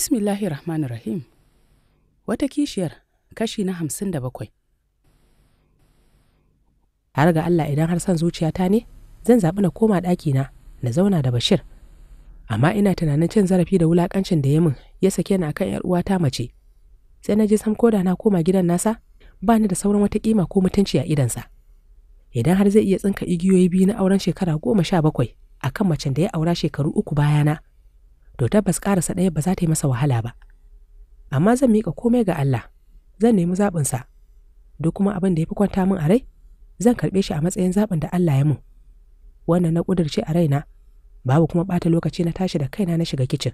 bismillahi rahmanir rahim wata kishiyar kashi na hamsin da bakwai har ga allah idan har son zuciyata ne zan zaɓi na koma ɗakina na zauna da bashir amma ina tunanin cin zarafi da wulaƙancin da ya min ya sake ni akan yar uwata mace sai na je sam koda na koma gidan nasa ba ni da sauran wata ƙima ko mutunci a idansa idan har zai iya tsinka igiyoyi biyu na auren shekara goma sha bakwai akan macen da ya aura shekaru uku bayana to tabbas karasa ɗaya ba za ta yi masa wahala ba. Amma zan mika komai ga Allah, zan nemi zaɓinsa, duk kuma abin da ya fi kwanta min a rai, zan karɓe shi a matsayin zaɓin da Allah ya mun. Wannan na ƙudurce a raina, babu kuma ɓata lokaci na tashi da kaina na shiga kicin.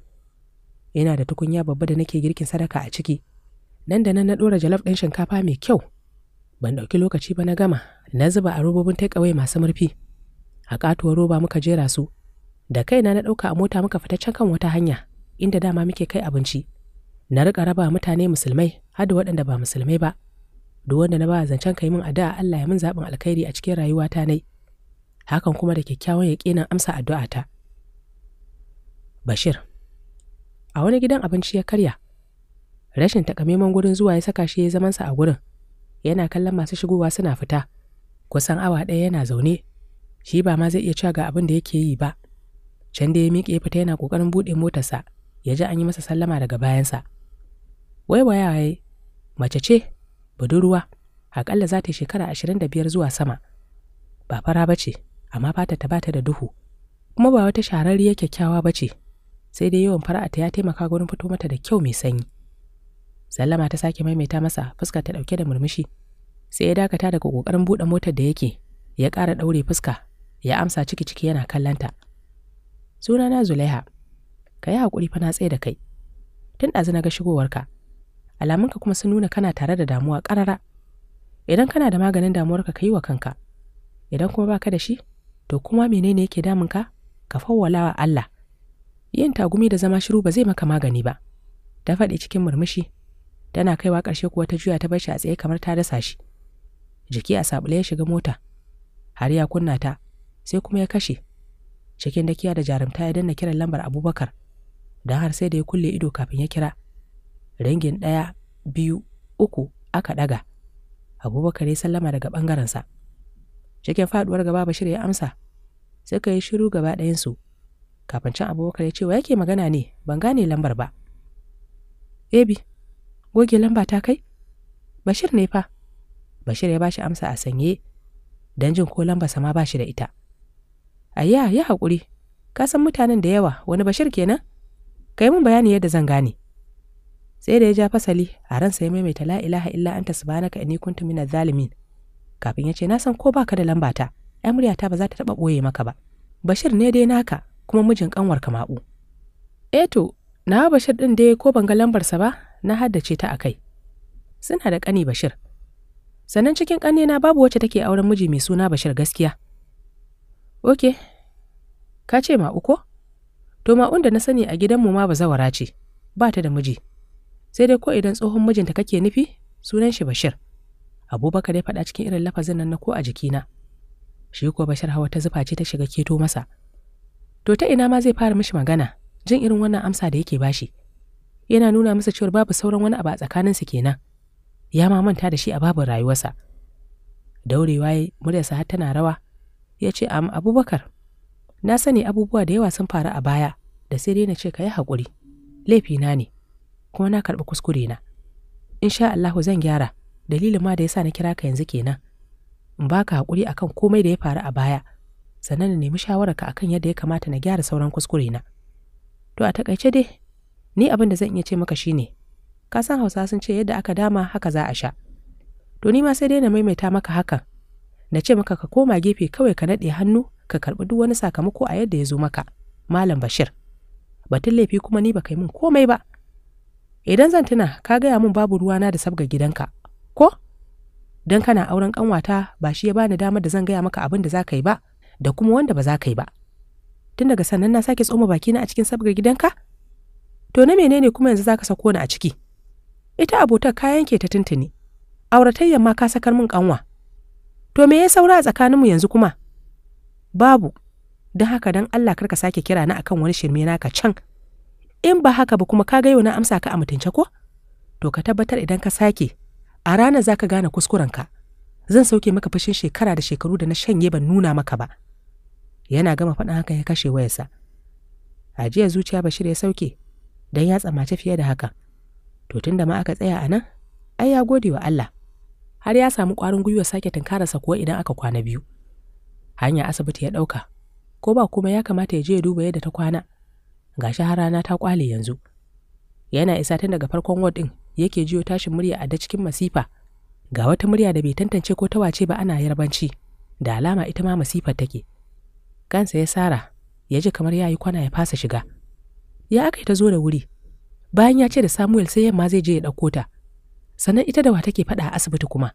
Ina da tukunya babba da nake girkin sadaka a ciki, nan da nan na ɗora jalaf ɗin shinkafa mai kyau. Ban ɗauki lokaci ba na gama, na zuba a robobin takeaway masu murfi. A ƙatuwar roba muka jera su, da kaina na ɗauka a mota muka fita can kan wata hanya inda dama muke kai abinci na riƙa raba mutane musulmai hada waɗanda ba musulmai ba duk wanda na ba zancen kai min addu'a Allah ya min zaɓin alkhairi a cikin rayuwata nai hakan kuma da kyakkyawan yaƙinin amsa addu'a ta. Bashir a wani gidan abinci ya karya rashin takamaiman gurin zuwa ya saka shi ya zamansa a gurin yana kallon masu shigowa suna fita kusan awa ɗaya yana zaune shi ba ma zai iya cewa ga abin da yake yi ba Can da ya miƙe fita yana ƙoƙarin buɗe motarsa, ya ji an yi masa sallama daga bayansa. Wai wayaye, mace ce, budurwa, aƙalla za ta yi shekara ashirin da biyar zuwa sama. Ba fara ba ce, amma fata ta bata da duhu, kuma ba wata shahararriya kyakkyawa ba ce, sai dai yawan fara fara'ata ya taimaka gurin fito mata da kyau mai sanyi. Sallama ta sake maimaita masa fuska ta ɗauke da murmushi, sai ya dakata daga ƙoƙarin buɗe motar da yake, ya ƙara ɗaure fuska, ya amsa ciki-ciki yana kallanta. Sunana Zulaiha, ka yi haƙuri fa na tsaye da kai, tun ɗazu na ga shigowarka, alamunka kuma sun nuna kana tare da damuwa ƙarara. Idan kana da maganin damuwarka ka yi wa kanka, idan kuma baka da shi, to kuma menene yake damun Ka fawwala wa Allah. Yin tagumi da zama shiru ba zai maka magani ba. Ta faɗi cikin murmushi, tana kaiwa ƙarshe kuwa ta juya ta bar shi a tsaye kamar ta dasa shi. Jiki a sabule ya shiga mota, har ya kunna ta, sai kuma ya kashe. cikin dakiya da jarumta ya danna kiran lambar abubakar don har sai da ya kulle ido kafin ya kira ringin ɗaya biyu uku aka ɗaga abubakar ya sallama daga ɓangarensa cikin faɗuwar gaba bashir ya amsa suka yi shiru gaba ɗayansu kafin can abubakar ya ce wa yake magana ne ban gane lambar ba ebi goge lamba ta kai bashir ne fa bashir ya ba shi amsa a sanye don jin ko sama ba shi da ita Ayya, ya haƙuri, ka san mutanen da yawa wani bashir kenan? Ka yi min bayani yadda zan gane. Sai da ya ja fasali a ransa ya maimaita la ilaha illa anta subhanaka inni kuntu minaz zalimin. Kafin ya ce na san ko baka da lamba ta ai muryata ba za ta taɓa ɓoye maka ba. Bashir ne dai naka kuma mijin kanwar ka ma'u. Eto, eh na Bashir ɗin dai ko ban ga lambar sa ba, na haddace ta a kai. Suna da ƙani Bashir. Sannan cikin ƙannena babu wacce take auren miji mai suna Bashir gaskiya. Oke, ka ce ma uko? To ma'un da na sani a gidanmu ma ba zawara ce, ba ta da miji. Sai dai ko idan tsohon mijinta kake nufi, sunan shi Bashir. Abubakar ya faɗa cikin irin lafazin nan na ko a jikina. Shi ko Bashir hawa ta zufa ce ta shiga keto masa. To ta ina ma zai fara mishi magana, jin irin wannan amsa da yake bashi. Yana nuna masa cewa babu sauran wani abu a tsakaninsu kenan. Ya ma manta da shi a babu rayuwarsa. Daurewa ya muryarsa har tana rawa, ya ce am abubakar na sani abubuwa da yawa sun faru a baya da sai dai na ce ka yi haƙuri laifina ne kuma na karɓi kuskure na sha Allahu zan gyara dalilin ma da ya sa na kira ka yanzu kenan in ba ka haƙuri akan komai da ya faru a baya sannan na nemi shawararka akan yadda ya kamata na gyara sauran kuskure na to a takaice dai ni abin da zan iya ce maka shine ka san Hausa sun ce yadda aka dama haka za a sha to ni ma sai dai na maimaita maka hakan na ce maka ka koma gefe kawai ka naɗe hannu ka karɓi duk wani sakamako a yadda ya zo maka malam bashir batun laifi kuma ni baka yi min komai ba idan zan tuna ka gaya min babu ruwa na da sabga gidanka ko don kana auren ƙanwata ba shi ya bani damar da zan gaya maka abin da za ka yi ba da kuma wanda ba za ka yi ba tun daga sannan na sake tsoma bakina a cikin sabgar gidanka to na menene kuma yanzu za ka sako ni a ciki ita abotar ka yanke ta tuntuni auratayyar ma ka sakar min kanwa To me ya saura a tsakaninmu yanzu kuma? Babu, don haka don Allah kar ka sake kira na akan wani shirme ka can. In ba haka ba kuma ka ga yau na amsa ka a mutunce ko? To ka tabbatar idan ka sake, a ranar za ka gane kuskurenka. Zan sauke maka fashin shekara da shekaru da na shanye ban nuna maka ba. Yana gama faɗin haka ya kashe wayarsa. a jiya zuciya Bashir ya sauke, don ya tsamace fiye da haka. To tunda ma aka tsaya a nan, ai ya gode wa Allah. har ya samu ƙwarin gwiwa sake tunkararsa kuwa idan aka kwana biyu. Hanya asibiti ya ɗauka, ko ba kuma ya kamata ya je ya duba yadda ta kwana, gashi har rana ta ƙwale yanzu. Yana isa tun daga farkon ward ɗin yake jiyo tashin murya a da cikin masifa, ga wata murya da bai tantance ko ta wace ba ana yarbanci, da alama ita ma masifar take. Kansa ya sara, ya ji kamar ya yi kwana ya fasa shiga. Ya aka ta zo da wuri, bayan ya ce da Samuel sai yamma zai je ya ɗauko ta. sannan ita da wa take faɗa a asibiti kuma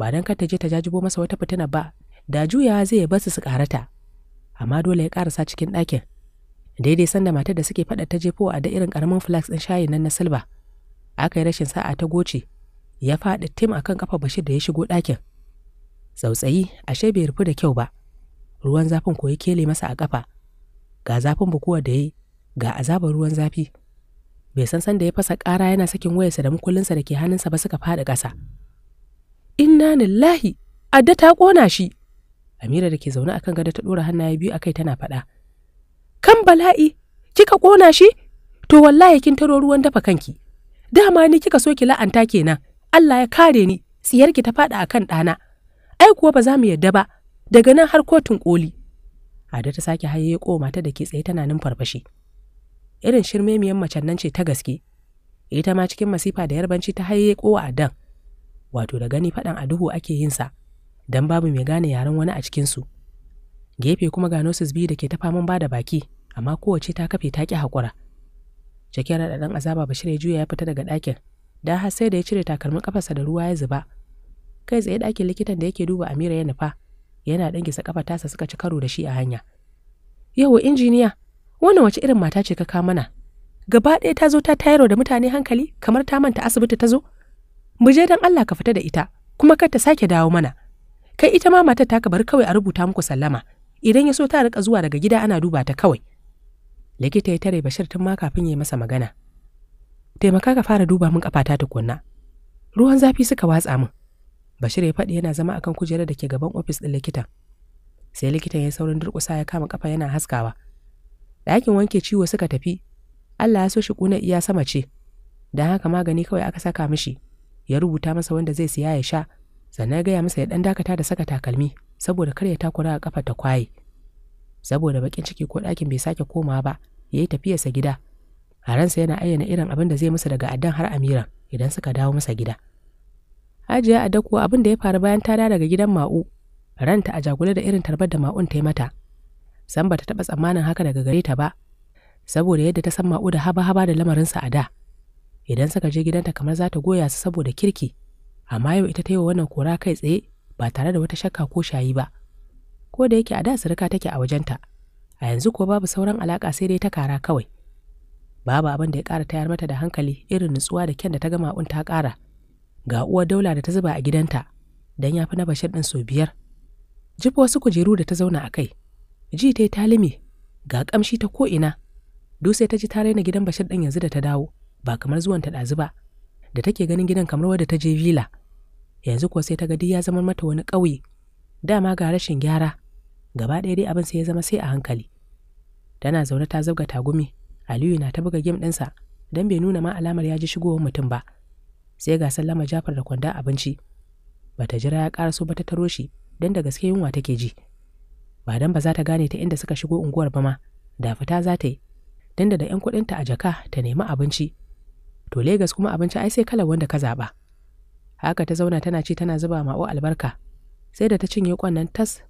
ba dan kar ta je ta jajibo masa wata fitina ba da juyawa zai ya basu su karata amma dole ya karasa cikin ɗakin daidai sanda matar da suke faɗa ta jefo a da irin ƙaramin flax ɗin shayin nan na silba aka yi rashin sa'a ta goce ya faɗi tim akan kafa bashir da ya shigo ɗakin tsautsayi ashe bai rufu da kyau ba ruwan zafin ko ya kele masa a kafa ga zafin bukuwa da ya ga azabar ruwan zafi bai san san da ya fasa ƙara yana sakin wayarsa da mukullinsa da ke hannunsa ba suka faɗi ƙasa. Inna lillahi, adda ta ƙona shi. Amira da ke zaune akan gado ta ɗora hannaye biyu akai tana faɗa. Kan bala'i, kika ƙona shi? To wallahi kin taro ruwan dafa kanki. Dama ni kika so ki la'anta kenan. Allah ya kare ni, tsiyarki ta faɗi akan ɗana. Ai kuwa ba za mu yadda ba, daga nan har kotun ƙoli. Ada ta sake haye ko mata da ke tsaye tana numfarfashi. farfashi. irin shirmemiyan macen nan ce ta gaske ita ma cikin masifa da yarbanci ta haye ko a dan wato da gani faɗan a duhu ake yin sa dan babu mai gane yaren wani a cikin su gefe kuma ga nosis biyu da ke ta faman bada baki amma kowace ta kafe ta ki hakura cikin raɗaɗin azaba bashir ya juya ya fita daga ɗakin Dan har sai da ya cire takalmin kafarsa da ruwa ya zuba kai tsaye ɗakin likitan da yake duba amira ya nufa yana ɗan gisa kafa tasa suka ci karo da shi a hanya yau injiniya wannan wace irin mata ce ka kawo mana gaba ɗaya ta zo ta tayarwa da mutane hankali kamar ta manta asibiti ta zo mu je don Allah ka fita da ita kuma kar ta sake dawo mana kai ita ma matar ta ka bar kawai a rubuta muku sallama idan ya so ta rika zuwa daga gida ana duba ta kawai likita ya tare bashir tun ma kafin ya masa magana taimaka ka fara duba min kafata tukunna ruwan zafi suka watsa min bashir ya faɗi yana zama akan kujerar da ke gaban ofis ɗin likitan sai likitan ya saurin durƙusa ya kama kafa yana haskawa ɗakin wanke ciwo suka tafi Allah ya so shi kuna iya sama ce don haka magani kawai aka saka mishi ya rubuta masa wanda zai siya ya sha sannan ya gaya masa ya ɗan dakata da saka takalmi saboda kar ya takura a kafa ta kwaye saboda bakin ciki ko ɗakin bai sake komawa ba ya yi tafiyarsa gida a ransa yana ayyana irin abin da zai masa daga addan har amiran idan suka dawo masa gida hajiya a dakuwa abin da ya faru bayan ta da daga gidan ma'u ranta a jagule da irin tarbar da ma'un ta yi mata san ba ta taɓa tsammanin haka daga gare ta ba saboda yadda ta san da haba-haba da lamarinsa a da idan suka je gidanta kamar za ta goya su saboda kirki amma yau ita ta yi wa wannan kora kai tsaye ba tare da wata shakka ko shayi ba ko da yake a da surika take a wajenta a yanzu ko babu sauran alaƙa sai dai ta kara kawai babu abin da ya ƙara tayar mata da hankali irin nutsuwa da kyan da ta gama un ta ƙara ga uwar daula da ta zuba a gidanta don ya fi na bashir ɗin sau biyar jifa wasu kujeru da ta zauna a kai ji ta yi talimi ga kamshi ta ko ko'ina dusai ta ji ta raina gidan bashir ɗin yanzu da ta dawo ba kamar zuwan ta ɗazu ba da take ganin gidan kamar wadda ta je villa yanzu kuwa sai ta ga ya zama mata wani ƙauye dama ga rashin gyara gaba ɗaya dai abin sai ya zama sai a hankali tana zaune ta zabga tagumi aliyu na ta buga gem ɗinsa don bai nuna ma alamar ya ji shigowar mutum ba sai ga sallama jafar da kwanda abinci bata jira ya ƙara so ba ta taro shi don da gaske yunwa take ji. ba dan ba za ta gane ta inda suka shigo unguwar ba ma da fita za ta yi dan da 'yan ta a jaka ta nemi abinci to Legas kuma abinci ai sai kalar wanda ka zaɓa haka ta zauna tana ci tana zuba ma'o albarka sai da ta cinye kwannan tas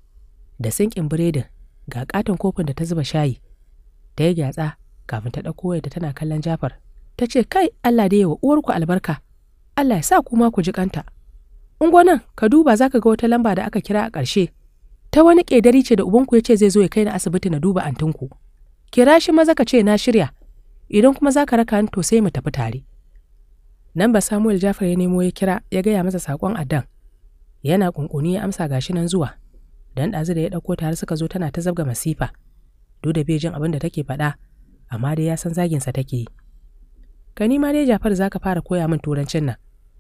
da sinkin biredin ga katon kofin da ta zuba shayi ta yi gyatsa kafin ta ɗauko da tana kallon jafar ta ce kai Allah da yawa uwarku albarka Allah ya sa kuma ku ji kanta. nan, ka duba za ka ga wata lamba da aka kira a ƙarshe ta wani ƙedari ce da ubanku ya ce zai zo ya kai na asibiti na duba antinku kira shi maza ka ce na shirya idan kuma za ka raka to sai mu tafi tare nan ba samuel jafar ya nemo ya kira ya gaya masa sakon addan yana ƙunƙuni ya amsa gashi nan zuwa dan ɗazu da ya ɗauko tare suka zo tana ta zabga masifa duk da bai jin abin da take faɗa amma dai ya san zaginsa take yi ka nima dai jafar za ka fara koya min turancin nan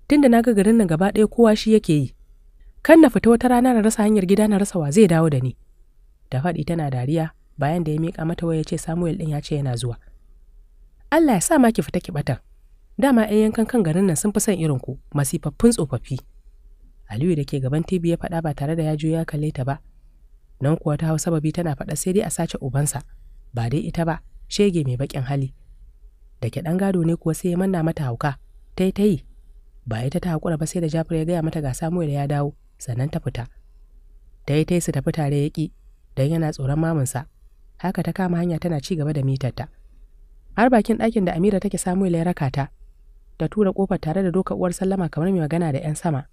tunda na ga garin nan gaba ɗaya kowa shi yake yi kan na fita wata rana na rasa hanyar gida na rasa wa zai dawo da ni da faɗi tana dariya bayan da ya miƙa mata waya ce samuel ɗin ya ce yana zuwa allah ya sa ma ki fita ki ɓatan dama 'yan yankan kan garin nan sun fi son irinku. ku masifaffun tsofaffi aliyu da ke gaban tv ya faɗa ba tare da ya juya kalle ta ba nan kuwa ta hau sababi tana faɗa sai dai a sace ubansa ba dai ita ba shege mai baƙin hali da ke ɗan gado ne kuwa sai ya manna mata hauka ta yi ta yi ba ita ta haƙura ba sai da jafar ya gaya mata ga samuel ya dawo sannan ta fita da yi su tafi tare ya ƙi don yana tsoron mamunsa, haka ta kama hanya tana ci gaba da mitarta har bakin ɗakin da amira take samu ya raka ta ta tura ƙofar tare da doka uwar sallama kamar mai magana da 'yan sama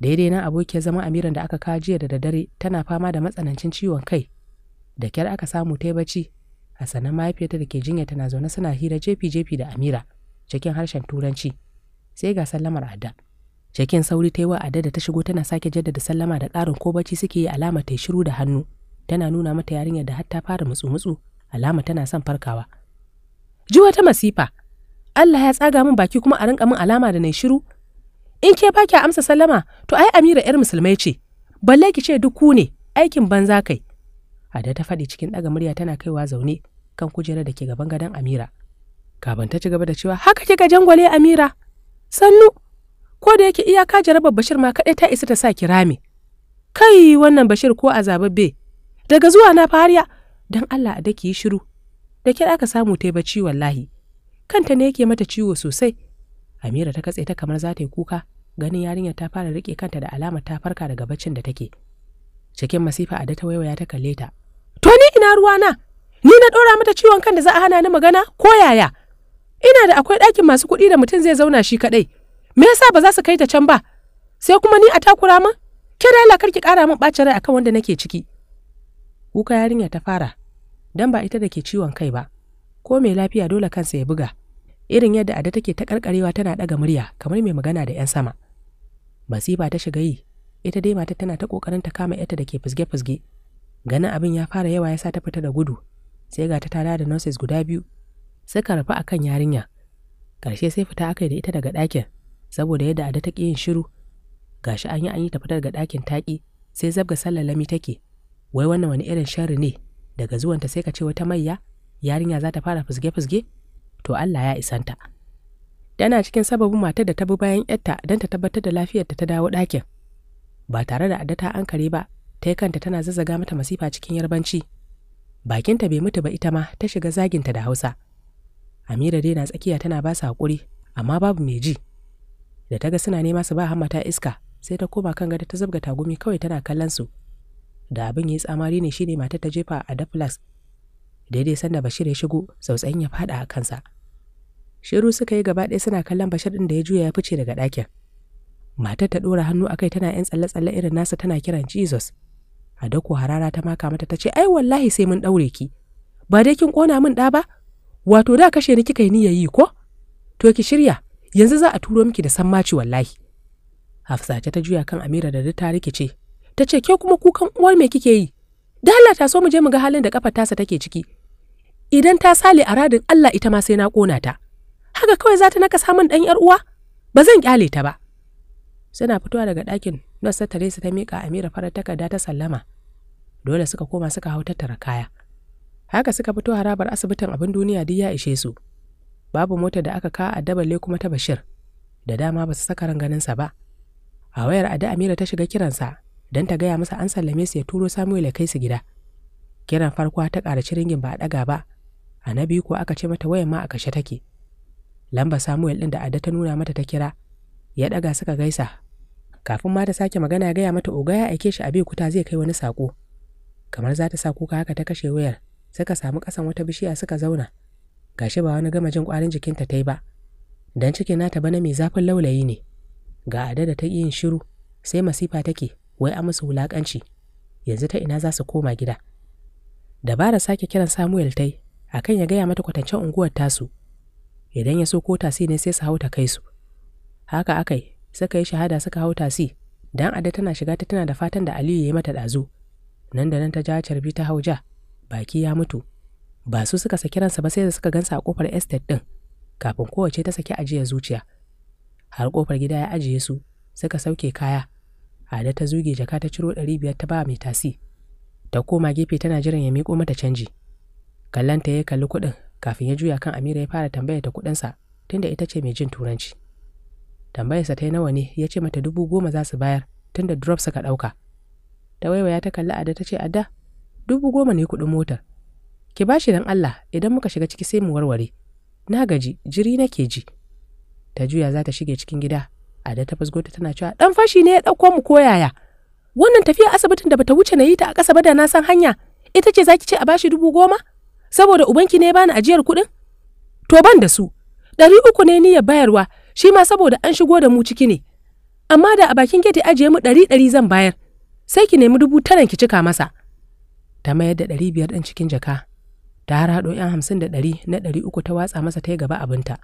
daidai nan abokiyar zama amiran da aka kawo jiya da daddare tana fama da matsanancin ciwon kai da kyar aka samu ta bacci a sannan mahaifiyarta da ke jinya tana zaune suna hira jefi-jefi da amira cikin harshen turanci sai ga sallamar adda. Jakin sauri ta yi wa da ta shigo tana sake jaddada sallama da ƙarin ko bacci suke yi alama ta shiru da hannu. Tana nuna mata yarinyar da har ta fara mutsu-mutsu, alama tana son farkawa. Ji wata masifa, Allah ya tsaga min baki kuma a rinka min alama da nai shiru. In ke ba amsa sallama, to ai Amira 'yar musulmai ce, balle ki ce duk ku ne, aikin banza kai. Ada ta faɗi cikin ɗaga murya tana kaiwa zaune kan kujerar da ke gaban gadon Amira. kafin ta ci gaba da cewa haka kika jangwale Amira. Sannu, ko da yake iyaka jarabar bashir ma kaɗai ta isa ta sa kira rame kai wannan bashir ko azababbe daga zuwa na fariya don allah a daki yi shiru da kyar aka samu ta bacci wallahi kanta ne yake mata ciwo sosai amira ta katse ta kamar za ta yi kuka ganin yarinyar ta fara rike kanta da alama ta farka daga baccin da take cikin masifa a da ta waiwaya ta kalle ta to ni ina ruwa na? ni na ɗora mata ciwon kan da za a hana ni magana ko yaya ina da akwai ɗakin masu kuɗi da mutum zai zauna shi kaɗai me yasa ba za su kai ta can ba sai kuma ni a takura ma? ke da Allah karki kara min bacin rai akan wanda nake ciki kuka yarinya ta fara dan ba ita da ke ciwon kai ba ko mai lafiya dole kansa ya buga irin yadda ada take ta karkarewa tana daga murya kamar mai magana da yan sama masifa ta shiga yi ita dai mata tana ta kokarin ta kama yata da ke fusge-fusge ganin abin ya fara yawa ya sa ta fita da gudu sai ga ta tara da nurses guda biyu suka rufe akan yarinya ƙarshe sai fita aka da ita daga ɗakin saboda yadda ada ta ƙi yin shiru gashi an yi an yi ta fitar ga ɗakin taƙi sai zabga sallar sallalami take wai wannan wani irin sharri ne daga zuwanta sai ka ce wata mayya yarinya za ta fara fusge-fusge to Allah ya isanta tana cikin sababin matar da ta bi bayan yarta don ta tabbatar da lafiyarta ta dawo ɗakin ba tare da ada ta ankare ba ta yi kanta tana zazzaga mata masifa cikin yarbanci bakinta bai mutu ba ita ma ta shiga zaginta da hausa amira dai na tsakiya tana ba su haƙuri amma babu mai ji da ta ga suna nema su ba hammata iska sai ta koma kan gada ta zabga tagumi kawai tana kallon su da abin ya tsamari ne shine matar ta jefa a daflas daidai sanda bashir ya shigo sautsayin ya fada a kansa shiru suka yi gaba ɗaya suna kallon bashir ɗin da ya juya ya fice daga ɗakin matar ta ɗora hannu akai tana yan tsalle-tsalle irin nasa tana kiran jesus a dako harara ta maka mata ta ce ai wallahi sai mun ɗaure ki ba dai kin ƙona min ɗa ba wato da kashe ni kika yi niyayi yi ko to ki shirya yanzu za a turo miki da sammaci wallahi hafsa ta juya kan amira da ta rikice ta ce ke kuma kukan uwar me kike yi da dala ta so mu je mu ga halin da kafar tasa take ciki idan ta sale a radin Allah ita ma sai na kona ta haka kawai za ta naka samun dan yar uwa ba zan kyale ta ba suna fitowa daga ɗakin nasa tare su ta miƙa Amira farar takarda ta sallama dole suka koma suka hau tattara kaya haka suka fito harabar asibitin abin duniya duk ya ishe su babu mota da aka ka a dabale kuma ta bashir da dama ba su saka ran ganinsa ba a wayar ada amira ta shiga kiransa don ta gaya masa an sallame su ya turo samuel ya kai su gida kiran farko ta kara ringin ba a ɗaga ba a na biyu ko aka ce mata wayan ma a kashe take lamba samuel ɗin da ada ta nuna mata ta kira ya ɗaga suka gaisa kafin ma ta sake magana ya gaya mata oga ya aike shi a biyu kuta zai kai wani saƙo kamar za ta sa kuka haka ta kashe wayar suka samu ƙasan wata bishiya suka zauna gashi ba wani gama jin kwarin jikinta ta yi ba dan cikin nata bana mai zafin laulayi ne ga ada da ta yin shiru sai masifa take wai a musu hulakanci yanzu ta ina za su koma gida dabara sake kiran samuel tai akan ya gaya mata kwatancen unguwar tasu idan ya so ko tasi ne sai su hau ta kai su haka akai suka yi shahada suka hau tasi dan ada tana shiga ta tana da fatan da aliyu ya yi mata ɗazu nan da nan ta ja carbi ta hau ja baki ya mutu ba su suka saki ransa ba sai da suka gansa a kofar estate ɗin kafin kowace ta saki ajiya zuciya har kofar gida ya ajiye su suka sauke kaya ada ta zuge jaka ta ciro ɗari biyar ta ba mai tasi ta koma gefe tana jiran ya miko mata canji kallanta ya kalli kuɗin kafin ya juya kan amira ya fara tambaya ta kuɗinsa tunda ita ce mai jin turanci tambayarsa ta yi nawa ne ya ce mata dubu goma za su bayar tunda drop suka ɗauka ta waiwaya ta kalli ada ta ce ada dubu goma ne kuɗin motar Ki bashi dan Allah idan muka shiga ciki sai mu warware. Na gaji, jiri nake ji. Ta juya za ta shige cikin gida, da ta fasgo tana cewa dan fashi ne ya ɗauko mu koyaya. Wannan tafiya asibitin da bata wuce na yi ta a ƙasa ba da na san hanya, ita ce zaki ce a bashi dubu goma? Saboda ubanki ne ya bani ajiyar kuɗin? To ban da su, ɗari uku ne ni ya bayarwa, shi ma saboda an shigo da mu ciki ne. Amma da a bakin gate ajiye mu ɗari ɗari zan bayar, sai ki nemi dubu tara ki cika masa. Ta mayar da ɗari biyar ɗin cikin jaka, ta har haɗo 'yan hamsin da ɗari na ɗari uku ta watsa masa ta yi gaba abinta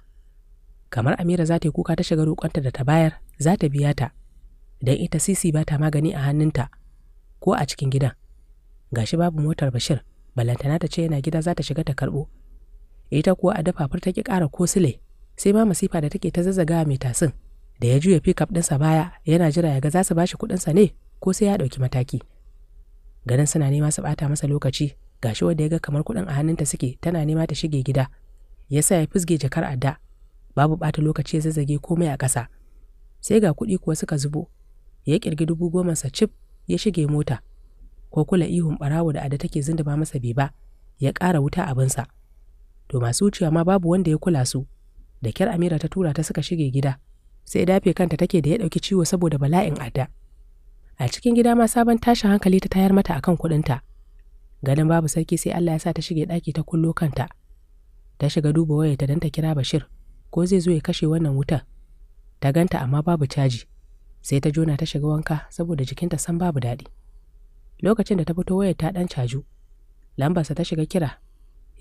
kamar amira za ta yi kuka ta shiga roƙonta da ta bayar za ta biya ta don ita sisi ba ta magani a hannunta ko a cikin gidan gashi babu motar bashir balantana ta ce yana gida za ta shiga ta karɓo ita kuwa a dafafur ta ki ƙara ko sile sai ma masifa da take ta zazzaga mai tasin da ya juya pickup ɗinsa baya yana jira ya ga za su bashi kuɗinsa ne ko sai ya ɗauki mataki ganin suna nema su ɓata masa lokaci gashi wanda ya ga kamar kuɗin a hannunta suke tana nema ta shige gida ya sa ya fizge jakar adda babu ɓata lokaci ya zazzage komai a ƙasa sai ga kuɗi kuwa suka zubo ya ƙirgi dubu goma sa cif ya shige mota ko kula ihun ɓarawo da ada take zindaba masa bai ya ƙara wuta abinsa to masu wucewa ma babu wanda ya kula su da kyar amira ta tura ta suka shige gida sai dafe kanta take da ya ɗauki ciwo saboda bala'in adda a cikin gida ma sabon tashin hankali ta tayar mata akan kuɗinta ganin babu sarki sai Allah ya sa ta shige ɗaki ta kullo kanta ta shiga duba wayarta don ta kira Bashir ko zai zo ya kashe wannan wutar ta ganta amma babu caji sai ta jona ta shiga wanka saboda jikinta san babu daɗi lokacin da ta fito wayar ta ɗan caju lambarsa ta shiga kira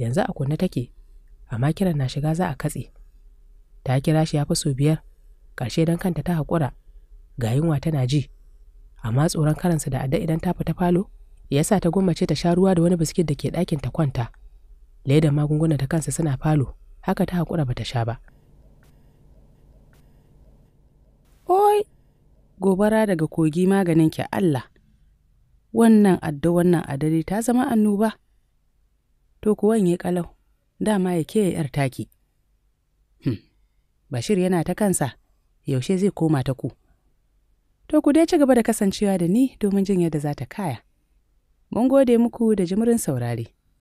yanzu a kunne take amma kiran na shiga za a katse ta kira shi ya fi sau biyar ƙarshe don kanta ta haƙura ga yunwa tana ji amma tsoron karansa da adda idan ta fita falo ya sa ta gwammace ta sha ruwa da wani biskit da ke ɗakin ta kwanta ledan magunguna ta kansa suna falo haka ta haƙura ba ta sha ba oi gobara daga kogi maganin ki allah wannan adda wannan adare ta zama annoba to kuwan ya kalau dama ya ke yar taki hmm. bashir yana ta kansa yaushe zai koma ta ku to ku dai ci gaba da kasancewa da ni domin jin yadda za ta kaya Mun gode muku da jimirin saurari.